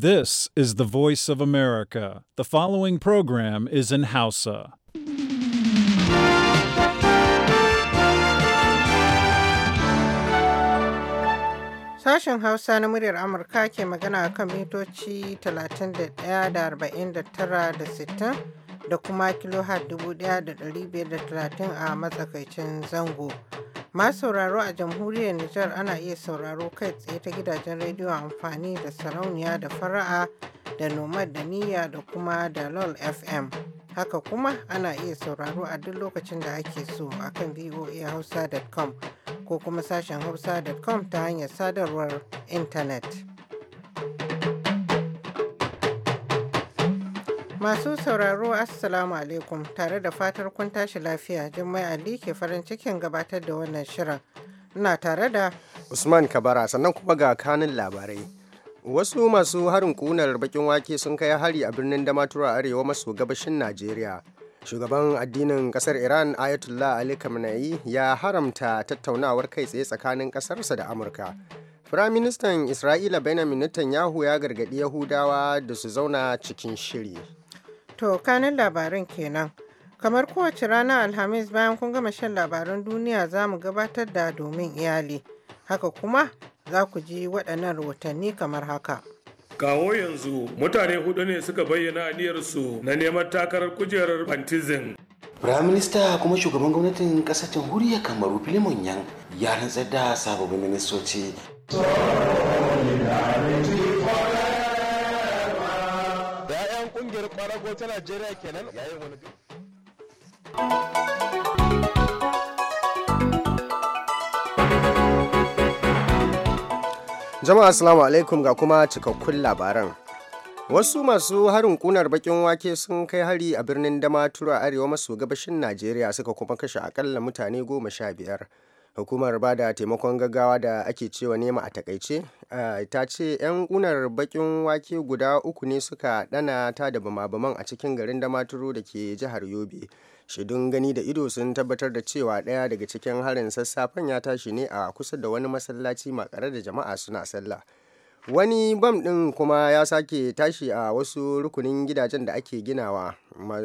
This is the voice of America. The following program is in Hausa. Sashen Hausa na muryar Amurka ke magana kan mitoci 31 da 49 da 60 da kuma kilohar 1530 a matsakaicin zango. Masu sauraro a jamhuriyar Nijar ana iya sauraro kai tsaye ta gidajen rediyo amfani da sarauniya da fara'a da nomad da niyya da kuma da lol fm. Haka kuma ana iya sauraro a duk lokacin da ake so akan voahausa.com ko kuma sashen hausa.com ta hanyar sadarwar intanet. Masu sauraro Assalamu alaikum tare da fatar kun tashi lafiya Jummai Ali ke farin cikin gabatar da wannan shirin. Ina tare da Usman Kabara sannan kuma ga kanin labarai. Wasu masu harin kunar bakin wake sun kai hari a birnin Damatura arewa maso gabashin Najeriya. Shugaban addinin kasar Iran Ayatollah Ali Khamenei ya haramta tattaunawar kai tsaye tsakanin kasarsa da Amurka. Firaministan Isra'ila Benjamin Netanyahu ya gargaɗi Yahudawa da su zauna cikin shiri. To kanin labarin kenan. Kamar kowace rana Alhamis bayan kun gama shan labaran duniya za mu gabatar da domin iyali. Haka kuma za ku ji waɗannan rahotanni kamar haka. kawo yanzu mutane hudu ne suka bayyana aniyarsu na neman takarar kujerar Prime Firaminista kuma shugaban gwamnatin kasar jamhuriyar kamaru filimon yan ya rantsar da sababbin ministoci ta najeriya kenan yayin jama'a assalamu alaikum ga kuma cikakkun labaran wasu masu harin kunar bakin wake sun kai hari a birnin damaturu a arewa maso gabashin najeriya suka kuma kashe akalla mutane goma sha biyar hukumar ba da taimakon gaggawa da ake cewa nema a takaice ta ce 'yan unar bakin wake guda uku ne suka dana ta da bama-baman a cikin garin damaturu da ke jihar yobe shidun gani da ido sun tabbatar da cewa daya daga cikin harin sassafen ya tashi ne a kusa da wani masallaci makare da jama'a suna sallah wani bam ɗin kuma ya sake tashi a wasu rukunin gidajen da ake ginawa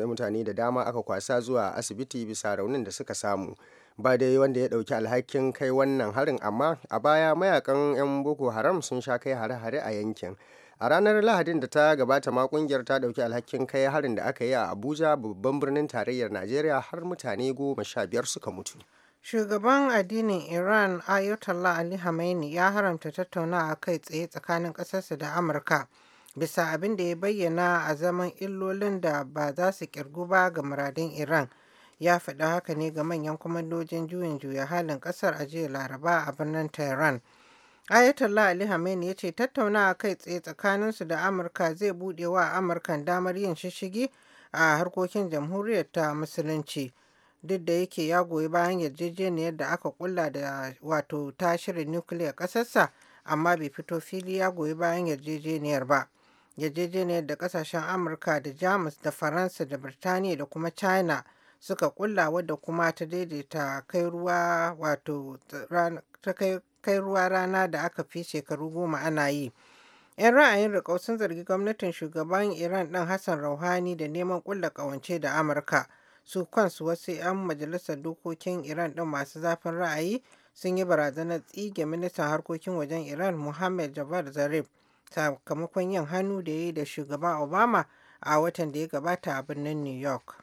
mutane da dama aka kwasa zuwa asibiti bisa raunin da suka samu ba dai wanda ya ɗauki alhakin kai wannan harin amma a baya mayakan 'yan boko haram sun sha kai hare-hare a yankin a ranar lahadin da ta gabata ma kungiyar ta dauki alhakin kai harin da aka yi a abuja babban birnin tarayyar najeriya har mutane goma sha biyar suka mutu shugaban addinin iran ayatollah ali hamaini ya haramta tattauna a kai tsaye tsakanin ƙasarsa da amurka bisa abin da ya bayyana a zaman illolin da ba za su kirgu ba ga muradin iran ya faɗi haka ne ga manyan kwamandojin juyin juya halin ƙasar a jiya laraba a birnin tehran ayatollah ali Khamenei ya ce tattaunawa kai tsaye tsakaninsu da amurka zai buɗe wa amurkan damar yin shishigi a harkokin jamhuriyar ta musulunci duk da yake ya goyi bayan yarjejeniyar da aka kulla da wato ta shirin nukiliya ƙasarsa amma bai fito fili ya goyi bayan yarjejeniyar ba yarjejeniyar da ƙasashen amurka da jamus da faransa da birtaniya da kuma china suka kulla wadda kuma ta daidaita kai ruwa wato ta kai ruwa rana da aka fi shekaru goma ana yi. 'Yan ra'ayin riƙau sun zargi gwamnatin shugaban Iran ɗan Hassan Rouhani da neman ƙulla ƙawance da Amurka. Su kansu wasu 'yan majalisar dokokin Iran ɗin masu zafin ra'ayi sun yi barazanar tsige ministan harkokin wajen Iran Mohammed Javad Zarif sakamakon yin hannu da ya yi da shugaban Obama a watan da ya gabata a birnin New York.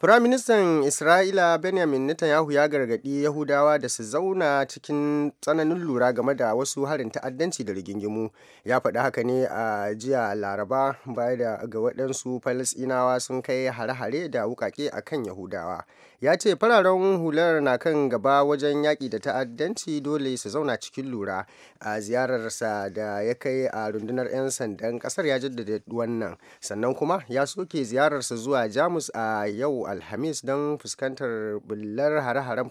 Firaministan Isra'ila Benjamin Netanyahu ya gargaɗi Yahudawa da su zauna cikin tsananin lura game da wasu harin ta'addanci da rigingimu. Ya faɗi haka ne a jiya Laraba baya da ga waɗansu Falasɗinawa sun kai hare-hare da wuƙaƙe a kan Yahudawa. ya ce fararen hular na kan gaba wajen yaƙi da ta'addanci dole su zauna cikin lura a ziyararsa da ya kai a rundunar 'yan sandan ƙasar ya jaddada wannan sannan kuma ya soke ziyararsa zuwa jamus a yau alhamis don fuskantar bullar hare-haren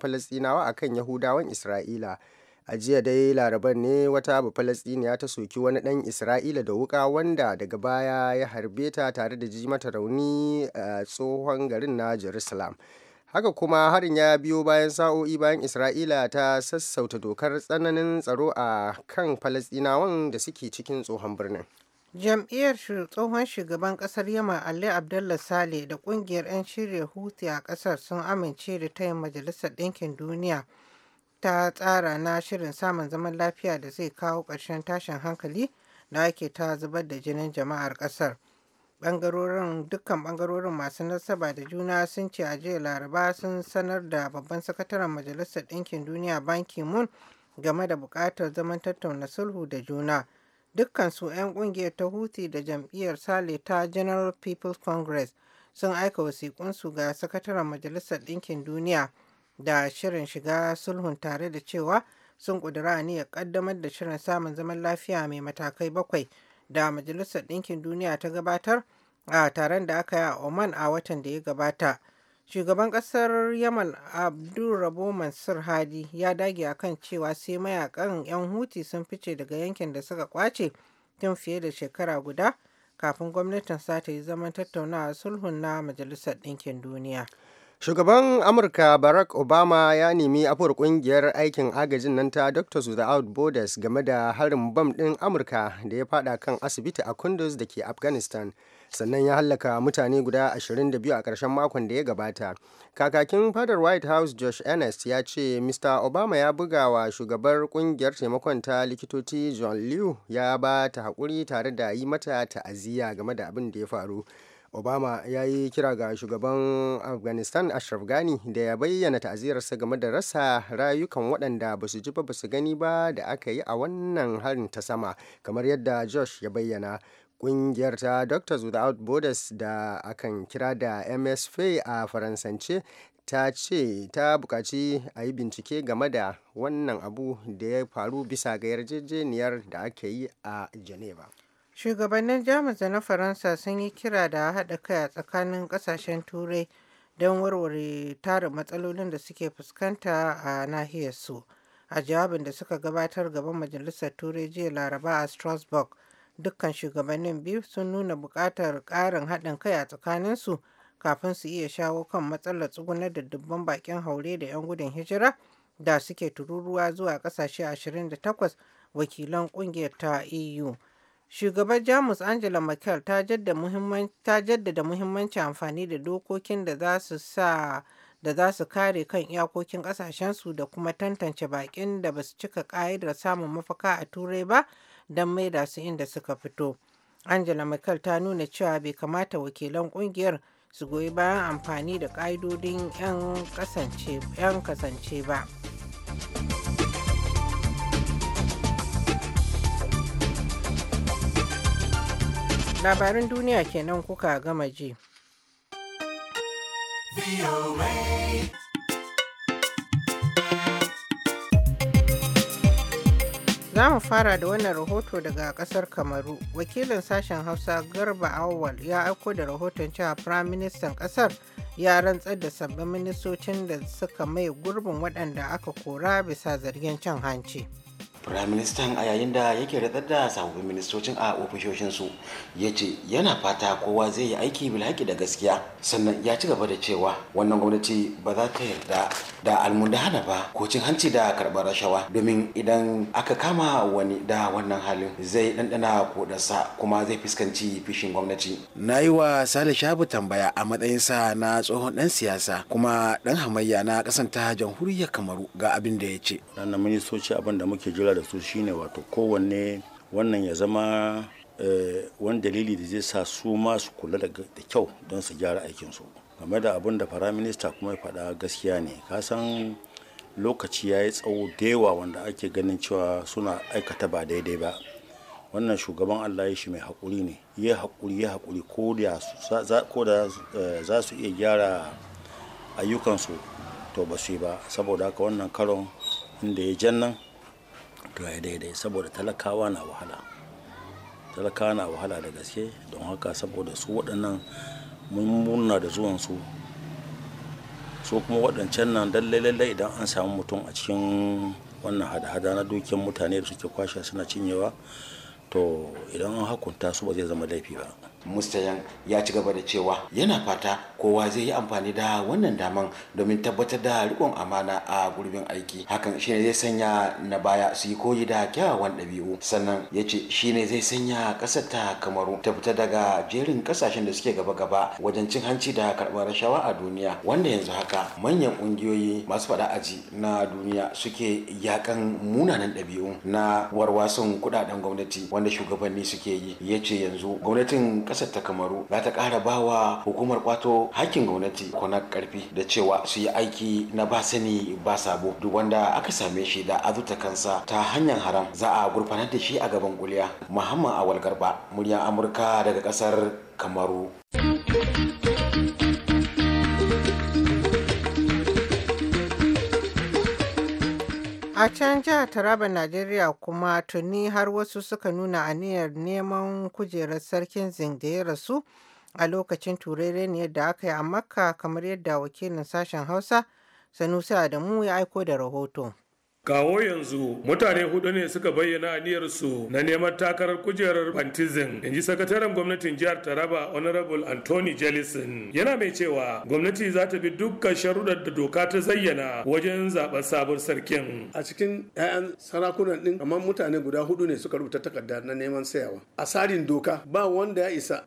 a kan yahudawan isra'ila a jiya dai laraban ne wata abu bafalastiniya ta soki wani dan isra'ila da wuka wanda daga baya ya harbe ta tare da ji mata rauni a tsohon garin na jerusalem haka kuma harin ya biyo bayan sa'o'i bayan isra'ila ta sassauta dokar tsananin tsaro a kan falasɗinawan da suke cikin tsohon birnin jam'iyyar tsohon shugaban kasar yamma ali abdullah sale da kungiyar 'yan shirya huti a kasar sun amince da tayin majalisar ɗinkin duniya ta tsara na shirin samun zaman lafiya da zai kawo ƙarshen tashin hankali da ake ta zubar da jinin jama'ar kasar Bangarorin dukkan bangarorin masu nasaba da juna sun ce a jiya Laraba sun sanar da babban sakataren Majalisar Ɗinkin Duniya Ban moon game da buƙatar zaman tattauna sulhu da juna. Dukkansu 'yan ƙungiyar ta Houthi da jam'iyyar Sale ta General People's Congress sun aika wasiƙunsu ga sakataren Majalisar Ɗinkin Duniya da shirin shiga sulhun tare da cewa sun ƙudura aniyar ƙaddamar da shirin samun zaman lafiya mai matakai bakwai. da Majalisar Ɗinkin Duniya ta gabatar a taron da aka yi a Oman a watan da ya gabata. Shugaban ƙasar Yaman Abdulrabo Mansur Hadi ya dage akan cewa sai mayakan 'yan Huti sun fice daga yankin da suka kwace tun fiye da shekara guda kafin gwamnatin sa ta yi zaman tattaunawa sulhun na Majalisar Ɗinkin Duniya. Shugaban Amurka Barack Obama ya nemi afuwar kungiyar aikin agajin nan ta Doctors Without Borders game da harin bam ɗin Amurka da ya fada kan asibiti a Kunduz da ke Afghanistan. sannan ya hallaka mutane guda 22 a ƙarshen makon da ya gabata kakakin fadar white house josh ernest ya ce mr obama ya buga wa shugabar kungiyar taimakon ta likitoci john liu ya ba ta haƙuri tare da yi mata ta'aziyya game da abin da ya faru obama ya yi kira ga shugaban afghanistan ashraf ghani da ya bayyana ta'aziyarsa game da rasa rayukan waɗanda ba su ji ba ba su gani ba da aka yi a wannan harin ta sama kamar yadda josh ya bayyana kungiyar ta doctors without borders da akan kira da msf a faransance ta ce ta bukaci a yi bincike game da wannan abu da ya faru bisa ga yarjejeniyar da aka yi a geneva Shugabannin Jamus da na Faransa sun yi kira da haɗa kai a tsakanin ƙasashen Turai don warware tara matsalolin da suke fuskanta a nahiyarsu. A jawabin da suka gabatar gaban Majalisar Turai jiya Laraba a Strasbourg, dukkan shugabannin biyu sun nuna buƙatar ƙarin haɗin kai a tsakaninsu kafin su iya shawo kan matsalar tsugunar da dubban bakin haure da 'yan gudun hijira da suke tururuwa zuwa ƙasashe 28 wakilan ƙungiyar ta EU. Shugabar Jamus Angela Merkel ta jaddada muhimmancin amfani da dokokin da za su sa da za su kare kan iyakokin kasashensu da kuma tantance bakin da ba su cika ƙa'idar samun mafaka a turai ba don maida su inda suka fito. Angela Merkel ta nuna cewa bai kamata wakilan kungiyar su goyi bayan amfani da ƙa'idodin 'yan kasance ba. labarin duniya kenan kuka gama ji. Za mu fara da wannan rahoto daga kasar Kamaru. Wakilin sashen Hausa Garba Awal ya aiko da rahoton cewa firaministan minister kasar ya rantsar da sabbin ministocin da suka mai gurbin waɗanda aka kora bisa zargin cin hanci. Firaministan a yayin da yake ratsar da sababbin ministocin a ofishoshinsu ya ce yana fata kowa zai yi aiki bilhaki da gaskiya sannan ya ci gaba da cewa wannan gwamnati ba za ta yarda da hana ba ko cin hanci da karɓar rashawa domin idan aka kama wani da wannan halin zai ɗanɗana ɗansa kuma zai fuskanci fishin gwamnati. Na yi wa Sale Shabu tambaya a matsayinsa na tsohon ɗan siyasa kuma ɗan hamayya na ƙasanta jamhuriyar Kamaru ga abin da ya ce. ministoci abin da muke jira da su shine wato kowanne wannan ya zama eh, wani dalili da zai sa su ma su kula da kyau don su gyara aikinsu game da abin da firaminista kuma ya faɗa gaskiya ne kasan lokaci ya yi tsawo da wanda ake ganin cewa suna aikata ba daidai ba wannan shugaban allah ya shi mai haƙuri ne ya haƙuri ya haƙuri ko da eh, za su iya gyara ayyukansu to ba su yi ba saboda haka wannan karon inda ya jan nan to ya daidai saboda talakawa na wahala talakawa na wahala da gaske don haka saboda su waɗannan murna da zuwan su so kuma waɗancan nan lallai idan an samu mutum a cikin wannan hada-hada na dukiyar mutane da suke kwashe suna cinyewa to idan an hakunta su ba zai zama laifi ba mustayan ya ci gaba da cewa yana fata kowa zai yi amfani da wannan daman domin tabbatar da rikon amana a gurbin aiki hakan shine zai sanya na baya su yi koyi da kyawawan ɗabi'u sannan ya ce shi ne zai sanya ƙasar ta kamaru ta fita daga jerin ƙasashen da suke gaba-gaba wajen cin hanci da karɓar rashawa a duniya wanda yanzu haka manyan ƙungiyoyi masu faɗa aji na duniya suke yakan munanan ɗabi'u na warwasun kuɗaɗen gwamnati wanda shugabanni suke yi ya ce yanzu gwamnatin kasar ta kamaru za ta kara bawa hukumar kwato hakkin gwamnati ko na karfi da cewa su yi aiki na ba sani ba sabo duk wanda aka same shi da azuta kansa ta hanyar haram za a gurfanar da shi a gaban kuliya muhammad awal garba murya amurka daga kasar kamaru. A can jihar Taraban Najeriya kuma tuni har wasu suka nuna aniyar neman kujerar sarkin Zing ya rasu a lokacin Turere ne da aka yi a Makka kamar yadda wakilin sashen Hausa Sanusi Adamu ya aiko da rahoto. kawo yanzu mutane hudu ne suka bayyana aniyarsu na neman takarar kujerar bantizin in ji sakataren gwamnatin jihar taraba honorable anthony jellison yana mai cewa gwamnati za ta bi dukkan sharuɗar da doka ta zayyana wajen zaɓen sabon sarkin a cikin 'ya'yan sarakunan ɗin kamar mutane guda hudu ne suka rubuta takarda na neman sayawa a tsarin doka ba wanda ya isa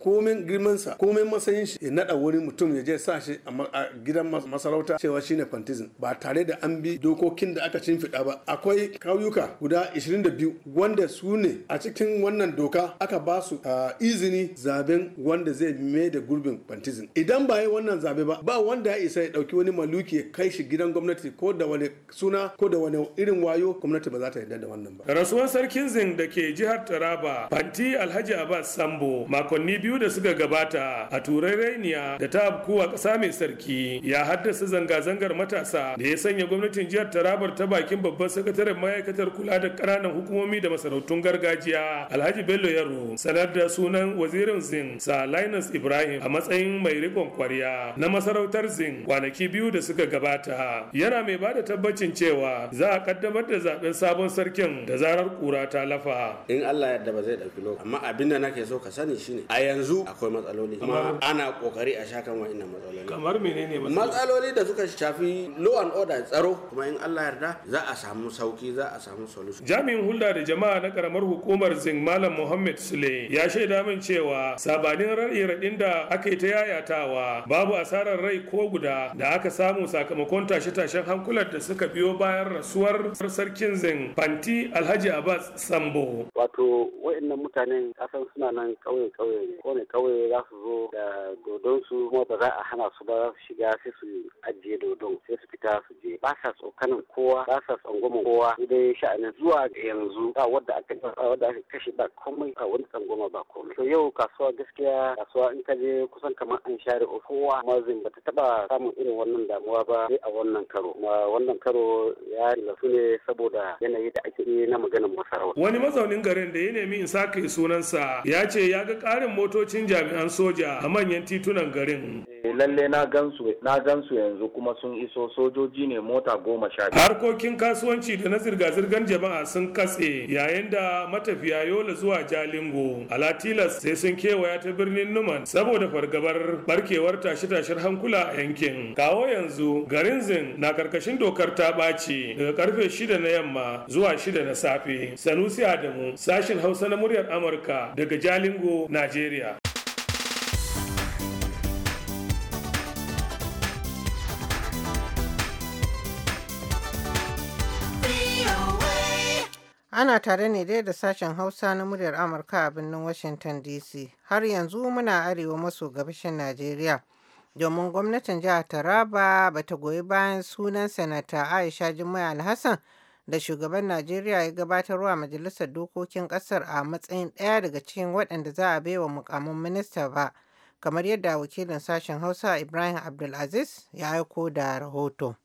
girman sa, komin matsayin shi ya naɗa wani mutum ya je sa shi a gidan masarauta cewa shine fantizin. ba tare da an bi dokokin da aka cin fiɗa ba ba akwai kauyuka guda 22 wanda su ne a cikin wannan doka aka ba su izini zaben wanda zai mai da gurbin bantizin idan ba yi wannan zabe ba ba wanda ya isa ya dauki wani maluki ya kai shi gidan gwamnati ko da wani suna ko da wani irin wayo gwamnati ba za ta yarda da wannan ba rasuwar sarkin zin da ke jihar taraba fanti alhaji abbas sambo makonni biyu da suka gabata a turai rainiya da ta abkuwa kasa mai sarki ya haddasa zanga-zangar matasa da ya sanya gwamnatin jihar tarabar ta bakin babban sakataren ma'aikatar kula da ƙananan hukumomi da masarautun gargajiya alhaji bello yaro sanar da sunan wazirin zin sa linus ibrahim a matsayin mai rikon kwarya na masarautar zin kwanaki biyu da suka gabata yana mai ba da tabbacin cewa za a kaddamar da zaben sabon sarkin da zarar kura ta lafa in allah yadda ba zai ɗauki lokaci amma abin da nake so ka sani shine a yanzu akwai matsaloli kuma ana kokari a shakan wa'annan matsaloli kamar menene matsaloli da suka shafi law and order tsaro kuma in allah yarda za a samu sauki za a samu solution jami'in hulɗa da jama'a na karamar hukumar zing malam muhammad sule ya shaida min cewa sabanin raɗin da aka yi ta yayatawa babu asarar rai ko guda da aka samu sakamakon tashe-tashen hankulan da suka biyo bayan rasuwar sarkin zing fanti alhaji abbas sambo wato wa'annan mutanen kasan suna nan kauye-kauye ko ne kauye za su zo da dodon su kuma ba za a hana su ba za su shiga sai su ajiye dodon sai su fita su je ba sa tsokanin kowa ba sa tsangwama kowa dai sha'anin zuwa yanzu ba wadda aka aka kashe ba komai a wani tsangwama ba komai to yau kasuwa gaskiya kasuwa in ka je kusan kamar an share kowa mazin bata taba samun irin wannan damuwa ba sai a wannan karo ma wannan karo ya lasu ne saboda yanayi da ake yi na maganar masarauta wani mazaunin garin da ya nemi in sake sunansa ya ce ya ga karin motocin jami'an soja a manyan titunan garin eh, lalle na gansu na yanzu kuma sun iso sojoji ne mota goma sha biyu harkokin kasu kasuwanci da na zirga-zirgar jama'a sun katse yayin da matafiya yola zuwa jalingo alatilas sai sun kewaya ta birnin numan saboda fargabar barkewar tashe-tashen hankula a yankin kawo yanzu garin zin na karkashin dokar ta ɓaci daga karfe shida na yamma zuwa shida na safe sanusi adamu sashin hausa na muryar amurka daga jalingo najeriya Ana tare ne dai da sashen Hausa na muryar Amurka a birnin Washington DC. Har yanzu muna arewa maso gabashin Najeriya. Domin gwamnatin jihar Taraba ba ta goyi bayan sunan Sanata Aisha Jummai Alhassan da shugaban Najeriya ya gabatarwa Majalisar Dokokin Ƙasar a matsayin ɗaya daga cikin waɗanda za a baiwa mukamin minista ba, kamar yadda wakilin sashen Hausa Ibrahim Abdulaziz ya aiko da rahoto.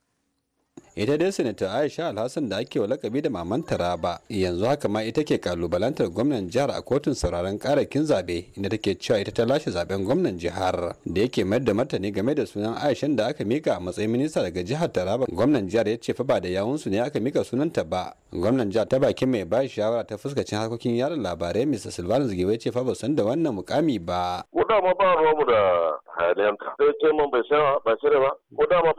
ita dai sanata aisha alhassan da ake wa lakabi da maman taraba yanzu haka ma ita ke kalubalantar gwamnan jihar a kotun sauraron karakin zabe inda take cewa ita ta lashe zaben gwamnan jihar da yake mayar da martani game da sunan aishan da aka mika a matsayin minista daga jihar taraba gwamnan jihar ya ce fa ba da yawunsu ne aka mika sunanta ba gwamnan jihar ta bakin mai ba shawara ta fuskacin harkokin yaran labarai mr silvanus gewe ce fa ba san da wannan mukami ba ko ba da hayaniyanta sai ce mun bai sai ba ko dama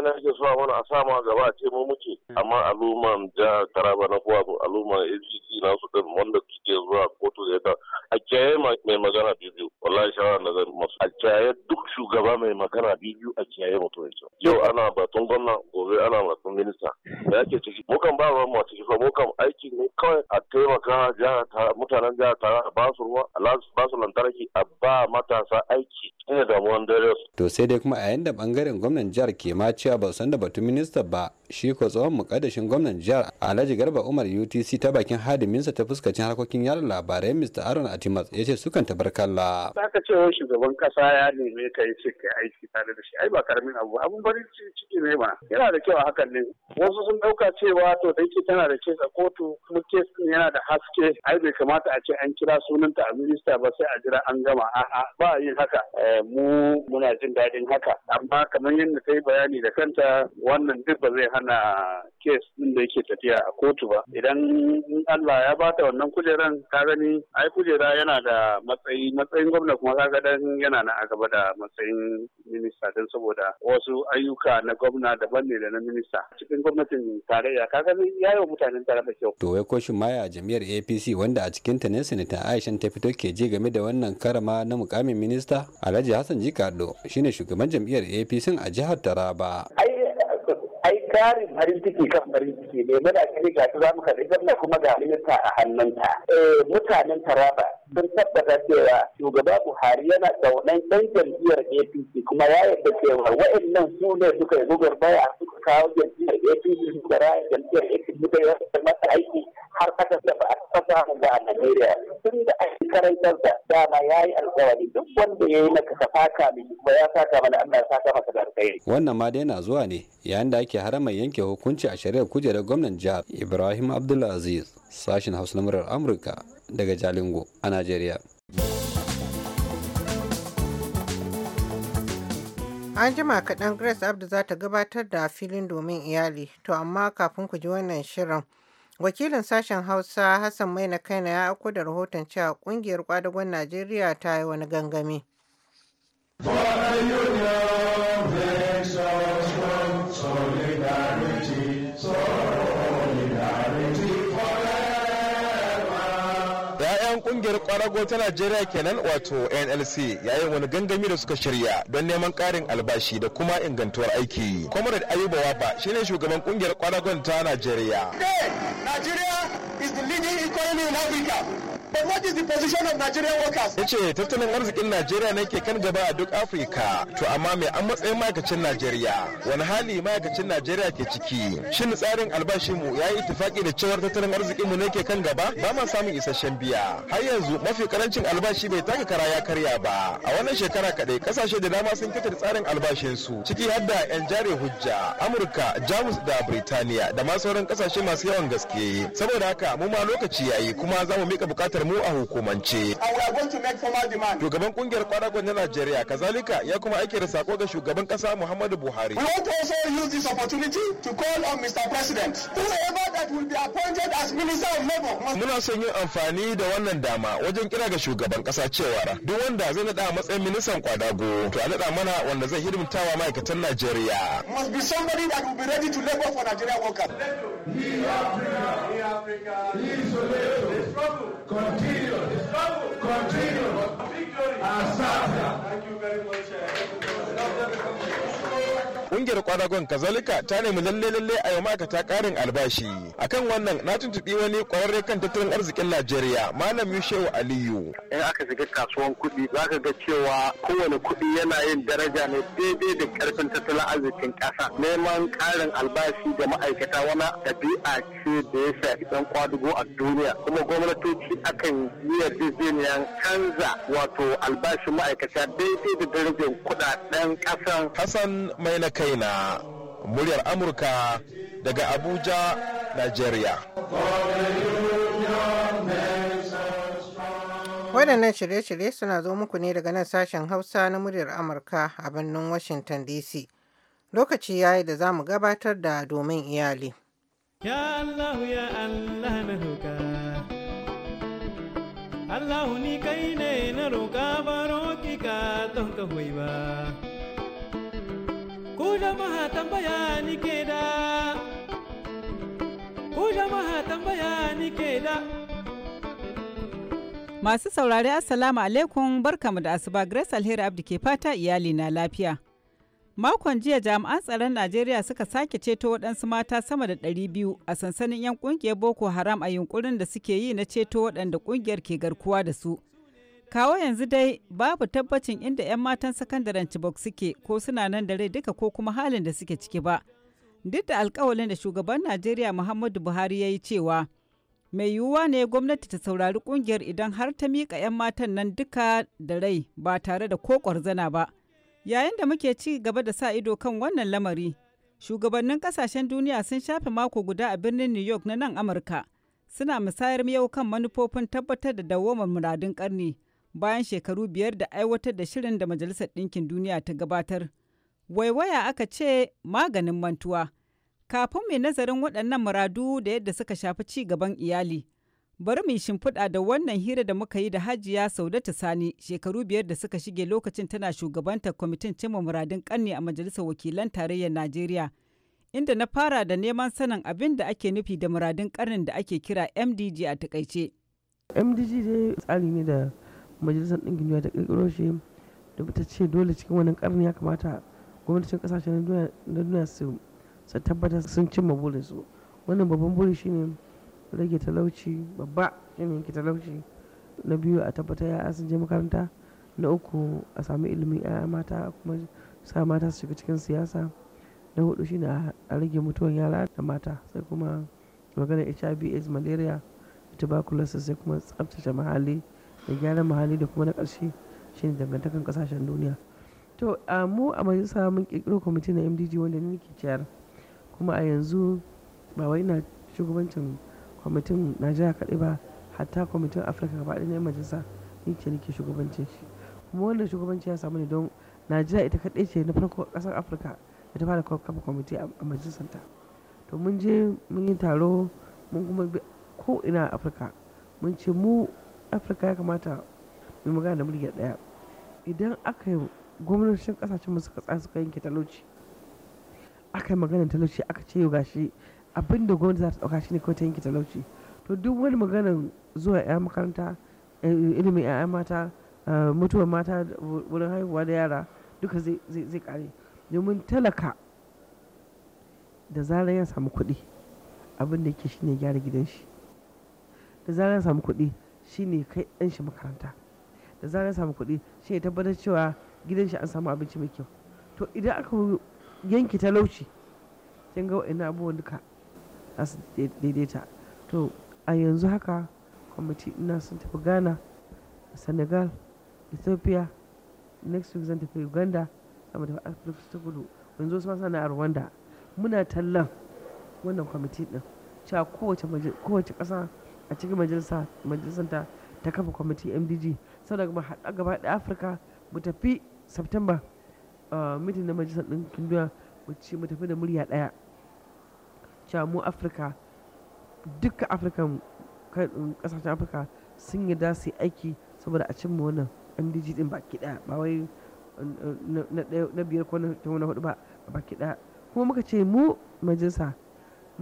ne ake so a mana a sa ma ba ce mu muke mm. amma aluman ja taraba na kuwa aluman APC na su din wanda suke zuwa kotu da ta a kiyaye mai magana biyu wallahi shawara na zan masu a kiyaye duk shugaba mai magana biyu a kiyaye mutum yau ana batun gwamna gobe ana batun minista da yake ciki mukan ba ba mu a ciki fa mukan aiki ne kawai a taimaka jihar mutanen jihar ta ba su ruwa ba su lantarki a ba matasa aiki shine damuwan wanda to sai dai kuma a yanda bangaren gwamnan jihar ke ma cewa ba san da batun minista ba shi ko tsohon mukaddashin gwamnan jihar alhaji garba umar utc ta bakin hadiminsa ta fuskacin harkokin yada labarai mr aron atimas ya ce sukan tabarkalla za ka ce wani shugaban kasa ya neme ka yi cikin aiki tare da shi ai ba karamin abu abun barin ciki ne ma yana da kyau a hakan ne wasu sun dauka cewa to da yake tana da kesa kotu kuma kes yana da haske ai bai kamata a ce an kira sunanta a minista ba sai a jira an gama a'a ba yin haka eh, mu muna jin dadin haka amma kamar yadda ta yi bayani da kanta wannan duk ba zai zai hana kes din da yake tafiya a kotu ba idan Allah ya bata wannan kujeran ka gani ai kujera yana da matsayi matsayin gwamna kuma ka dan yana na a gaba da matsayin minista don saboda wasu ayyuka na gwamna daban ne da na minista cikin gwamnatin tarayya ka gani ya yi wa mutanen da kyau. To ko koshin maya a jami'ar APC wanda a cikin ta ne sanata Aishan ta fito ke ji game da wannan karama na mukamin minista Alhaji Hassan Jikado shine shugaban jam'iyyar APC a jihar Taraba. Ai tarin farin ciki kan farin ciki ne muna kiri ga su zamu karɓi gwamna kuma ga halitta a hannunta eh, mutanen taraba sun tabbata cewa shugaba buhari yana tsaunan ɗan jam'iyyar apc kuma ya yarda cewa wa'annan su ne suka yi gugar baya suka kawo jam'iyyar apc suka raya jam'iyyar apc suka yi masa aiki har kasa da ba a kasa a najeriya tun da karantar da dama ya yi alkawari duk wanda ya yi maka ka faka mishi ya saka mana Allah ya saka masa da alkhairi. Wannan ma dai na zuwa ne yayin da ake haramai yanke hukunci a shari'ar kujerar gwamnan jihar Ibrahim Abdulaziz sashen Hausa na murar Amurka daga Jalingo a Najeriya. An jima kaɗan Grace Abdu za ta gabatar da filin domin iyali, to amma kafin ku ji wannan shirin. Wakilin sashen Hausa Hassan Maina Kaina ya aiko da rahoton cewa kungiyar kwadagon Najeriya ta yi wani gangami. kungiyar kwarago ta Najeriya kenan wato NLC yayin wani gangami da suka shirya don neman karin albashi da kuma ingantuwar aiki. Comrade Ayuba Waba shine shugaban kungiyar kwaragon ta Najeriya. Nigeria is the leading economy in Africa. But what is the position of Nigerian workers? Ya tattalin arzikin Najeriya ne ke kan gaba a duk Afirka. To amma mai an matsayin ma'aikacin Najeriya? Wani hali ma'aikacin Najeriya ke ciki? Shin tsarin albashin mu ya yi itifaki da cewar tattalin arzikinmu ne ke kan gaba? Ba ma samun isasshen biya. Har yanzu mafi karancin albashi bai taka kara ya karya ba. A wannan shekara kaɗai kasashe da dama sun kitar tsarin albashinsu ciki har da 'yan jari hujja Amurka, Jamus da Birtaniya da ma sauran kasashe masu yawan gaske. Saboda haka mu ma lokaci yayi kuma za mu mika bukatar bukatar mu a hukumance. Shugaban kungiyar kwadagon na Najeriya kazalika ya kuma aike da sako ga shugaban kasa Muhammadu Buhari. We want to also use this opportunity to call on Mr. President. Whoever that will be appointed as Minister of Labour Muna son yin amfani da wannan dama wajen kira ga shugaban kasa cewa duk wanda zai naɗa matsayin ministan kwadago to a naɗa mana wanda zai hidimtawa ma'aikatan Najeriya. Must be somebody that will be ready to labor for Nigeria workers. He Africa, he Africa, he Soleto, Continue. Continue. Victory. Asante. Thank you very much. kungiyar kwadagon kazalika ta nemi lalle lalle a yau ma'aikata karin albashi akan wannan na tuntubi wani kwararre kan tattalin arzikin najeriya malam yushewu aliyu in aka shiga kasuwan kuɗi zaka ga cewa kowane kuɗi yana yin daraja ne daidai da karfin tattalin arzikin kasa neman karin albashi da ma'aikata wani ɗabi'a ce da ya shafi ɗan kwadugo a duniya kuma gwamnatoci akan yi yarjejeniyar canza wato albashin ma'aikata daidai da darajar kuɗaɗen ƙasan. Hassan mai na muryar amurka daga abuja nigeria waɗannan shirye-shirye suna zo muku ne daga nan sashen hausa na muryar amurka a birnin washington dc lokaci yayi da za mu gabatar da domin iyali ya allah ya allah na roƙa allah ni kai ne na roƙa baro ki ka don ka ba Masu saurari Assalamu alaikum barkamu da asuba Grace Alheri Abdi ke fata iyali na lafiya. Makon jiya jami'an tsaron Najeriya suka sake ceto waɗansu mata sama da 200 a sansanin 'yan ƙungiyar Boko Haram a yunkurin da suke yi na ceto waɗanda ƙungiyar ke garkuwa da su. kawo yanzu dai babu tabbacin inda 'yan matan sakandaren Chibok suke ko suna nan da rai duka ko kuma halin da suke ciki ba. Duk da alkawalin da shugaban Najeriya Muhammadu Buhari ya yi cewa mai yiwuwa ne gwamnati ta saurari kungiyar idan har ta miƙa 'yan matan nan duka da rai ba tare da ko kwarzana ba. Yayin da muke ci gaba da sa ido kan wannan lamari, shugabannin kasashen duniya sun shafe mako guda a birnin New York na nan Amurka. Suna misayar miyau kan manufofin tabbatar da dawwamar muradun karni. bayan shekaru biyar da aiwatar da shirin da Majalisar Ɗinkin Duniya ta gabatar. Waiwaya aka ce maganin mantuwa. Kafin mai nazarin waɗannan muradu da yadda suka shafi ci gaban iyali. Bari mu shimfiɗa da wannan hira da muka yi da Hajiya Saudatu Sani shekaru biyar da suka shige lokacin tana shugabantar kwamitin cimma muradun kanni a Majalisar Wakilan Tarayyar Najeriya. Inda na fara da neman sanin abin da ake nufi da muradun ƙarnin da ake kira MDG a takaice. MDG dai tsari ne da majalisar ɗinkin duniya ta ƙirƙiro shi da ta ce dole cikin wannan ƙarni ya kamata gwamnatocin ƙasashe na duniya su tabbatar sun cimma burinsu wannan babban buri ne rage talauci babba shine yanke talauci na biyu a tabbatar ya sun je makaranta na uku a sami ilimin 'ya'ya mata kuma sa mata su shiga cikin siyasa na hudu shine a rage mutuwar yara da mata sai kuma maganar hiv aids malaria tuberculosis sai kuma tsabtace muhalli da gyaran muhalli da kuma na ƙarshe shine dangantakan ƙasashen duniya to mu a majalisa mun ƙirƙiro kwamiti na mdg wanda ni ke ciyar kuma a yanzu ba wai ina shugabancin kwamitin najeriya kaɗai ba hatta kwamitin afirka gaba ɗaya na majalisa ni ce nake shugabancin shi kuma wannan shugabanci ya samu ne don najeriya ita kaɗai ce na farko ƙasar afirka da ta fara kafa kwamiti a ta to mun je mun yi taro mun kuma ko ina afirka mun ce mu afirka ya kamata mai magana da murya ɗaya idan aka yi gwamnatin kasashen masu katsa suka yanke talauci aka yi maganar talauci aka ce gashi abin da gwamnati za ta ɗauka shine kawai ta yanke talauci to duk wani maganar zuwa 'ya makaranta eh, ilimin 'ya'ya mata eh, mutuwar mata wurin haihuwa da yara duka zai kare domin talaka da zarar ya samu kuɗi abin da yake shine gyara gidan shi da zarar ya samu kuɗi shine kai ɗan shi makaranta da zarar samu kuɗi shi ya tabbatar cewa gidan shi an samu abinci mai kyau to idan aka yanki talauci kin ga wa'annan abubuwan duka za su daidaita to a yanzu haka kwamiti ina sun tafi ghana senegal ethiopia next week zan tafi uganda sama da afirka ta kudu yanzu wasu masana a rwanda muna tallan wannan kwamiti din cewa kowace kasa a cikin majalisa majalisar ta kafa kwamiti mdg sau daga haɗa gaba da afirka mu tafi september uh, mitin na majalisar ɗinkin duniya mu ci mu tafi da murya ɗaya cewa mu afirka duka afirka ƙasashen afirka sun yi su yi aiki saboda a cimma wannan mdg din baki ɗaya ba wai uh, na biyar ko na hudu ba baki ɗaya kuma muka ce mu majalisa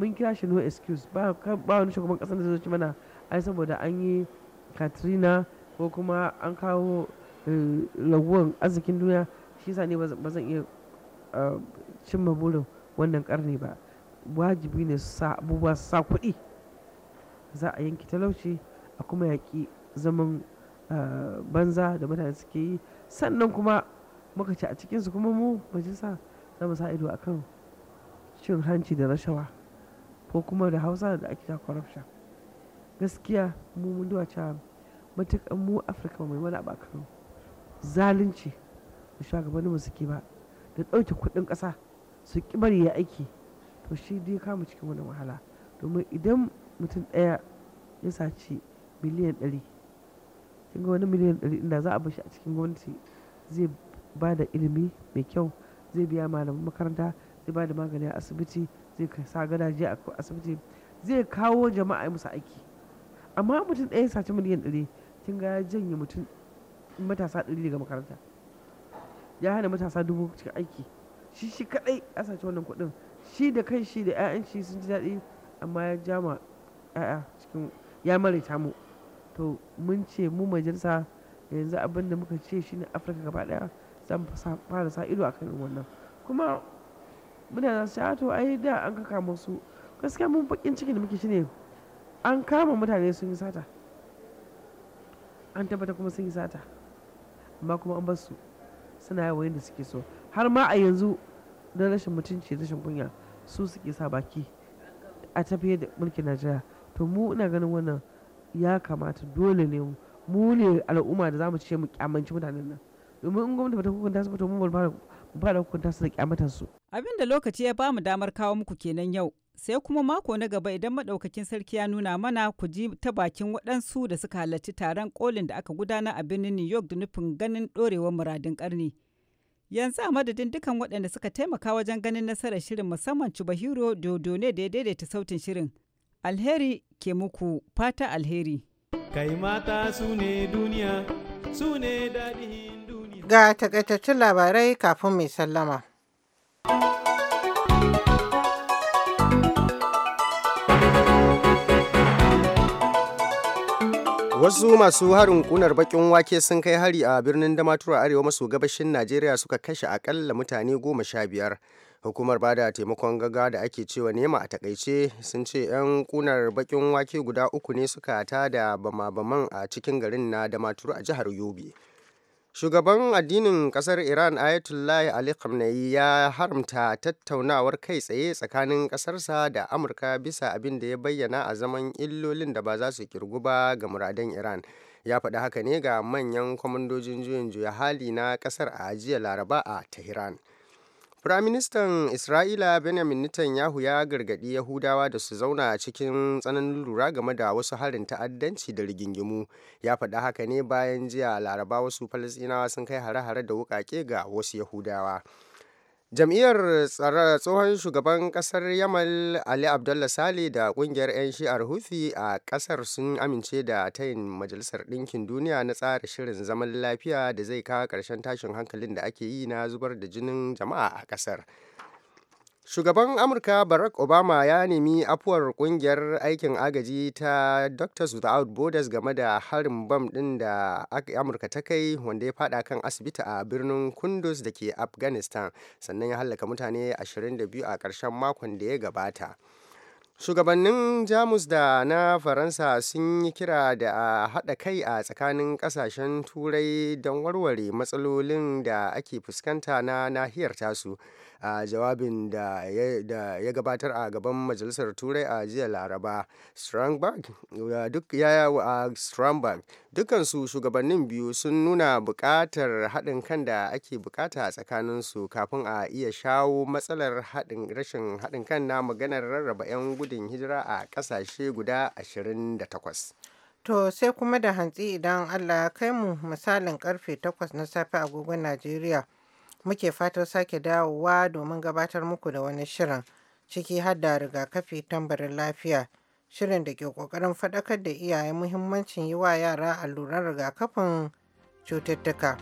mun kira shi no excuse ba wani shugaban kasar da zai mana ai saboda an yi katrina ko kuma an kawo eh, raguwar arzikin duniya shi sa ne ba zan iya eh, cimma burin wannan karni ba wajibi ne sa abubuwa sa kuɗi za a yanki talauci a kuma yaƙi zaman eh, banza da mutane suke yi sannan kuma muka ci a cikinsu kuma mu majalisa za mu sa ido akan cin hanci da rashawa ko kuma da hausa da ake ta corruption gaskiya mu mun duba cewa matukan mu afirka mai mana ba kano zalunci da shugabanninmu suke ba da ɗauke kuɗin ƙasa su ƙi bari ya aiki to shi dai kama cikin wani wahala domin idan mutum ɗaya ya saci miliyan ɗari kin wani miliyan ɗari inda za a bashi a cikin gwamnati zai ba da ilimi mai kyau zai biya malaman makaranta zai ba da magani a asibiti zai sa je a asibiti zai kawo jama'a musu aiki amma mutum ɗaya sace miliyan ɗari kin ga ya janye mutum matasa ɗari daga makaranta ya hana matasa dubu cikin aiki shi shi kaɗai a sace wannan kuɗin shi da kan shi da 'ya'yan shi sun ji daɗi amma ya jama ƴaƴa cikin ya maraita mu to mun ce mu majalisa yanzu abin da muka ce shine afirka gaba ɗaya zan fara sa ido a kan wannan kuma muna da su ah, ai da an kaka musu gaskiya mun bakin ciki da muke shine an kama mutane sun yi sata an tabbata kuma sun yi sata amma kuma an basu suna yawa yadda suke so har ma a yanzu na rashin mutunci rashin kunya su suke sa baki a tafiye da mulkin najeriya to mu ina ganin wannan ya kamata dole ne mu ne al'umma da za mu ce mu kyamanci mutanen nan domin in gwamnati ba ta hukunta su ba to mu ba ba da hukunta su da kyamatar su abin da lokaci ya bamu damar kawo muku kenan yau sai kuma mako na gaba idan madaukakin sarki ya nuna mana ku ji ta bakin waɗansu da suka halarci taron kolin da aka gudana a birnin new york da nufin ganin ɗorewar muradin ƙarni yanzu a madadin dukan waɗanda suka taimaka wajen ganin nasarar shirin musamman Chubahiro Dodo ne da ya daidaita sautin shirin. Alheri ke muku fata alheri. Kai mata su ne duniya, su ne daɗin Ga takaitattun labarai kafin mai sallama. Wasu masu harin kunar bakin wake sun kai hari a birnin damaturu a Arewa maso gabashin Najeriya suka kashe akalla mutane goma sha biyar. Hukumar bada taimakon gaga da ake cewa nema a takaice sun ce 'yan kunar bakin wake guda uku ne suka ta da bama-baman a cikin garin na Damaturu a jihar Yobe. Shugaban addinin kasar Iran Ayatollah Ali Khamenei ya haramta tattaunawar kai tsaye tsakanin kasarsa da Amurka bisa abin da ya bayyana a zaman illolin da ba za su kirgu ba ga muradan Iran. Ya faɗi haka ne ga manyan kwamandojin juyin juya hali na kasar a jiya Laraba a Tehran. Firaministan Isra'ila Benjamin Netanyahu ya gargaɗi Yahudawa da su zauna cikin tsananin lura game da wasu harin ta'addanci da rigingimu. Ya faɗa haka ne bayan jiya Laraba wasu Falasɗinawa sun kai hare-hare da wuƙaƙe ga wasu Yahudawa. Jam'iyyar tsohon shugaban kasar Yamal Ali Abdullah sale da kungiyar 'yan shi'ar Houthi a kasar sun amince da tayin Majalisar Ɗinkin Duniya na tsara shirin zaman lafiya da zai kawo ƙarshen tashin hankalin da ake yi na zubar da jinin jama'a a kasar. Shugaban Amurka Barack Obama ya nemi afuwar kungiyar aikin agaji ta Doctors Without Borders game da harin bam ɗin da Amurka ta kai wanda ya fada kan asibiti a birnin Kunduz da ke Afghanistan sannan ya hallaka mutane 22 a ƙarshen makon da ya gabata. shugabannin jamus da na faransa sun yi kira da a haɗa kai a tsakanin ƙasashen turai don warware matsalolin da ake fuskanta na nahiyar tasu a jawabin da ya gabatar a gaban majalisar turai a jiya laraba strandberg duk ya dukansu shugabannin biyu sun nuna bukatar haɗin kan da ake bukata a su kafin a iya shawo matsalar rashin haɗin kan na maganar rarraba 'yan gudun hijira a ƙasashe guda 28 To sai kuma da hantsi idan Allah ya kai mu misalin karfe 8 na safe agogon Najeriya. muke fatan sake dawowa domin gabatar muku da wani shirin ciki har da rigakafi tambarin lafiya shirin da ke ƙoƙarin faɗakar da iyaye muhimmancin yi wa yara alluran rigakafin cututtuka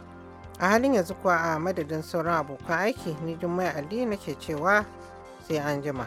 a halin yanzu kuwa a madadin sauran abokan aiki ni jummai ali nake cewa sai an jima.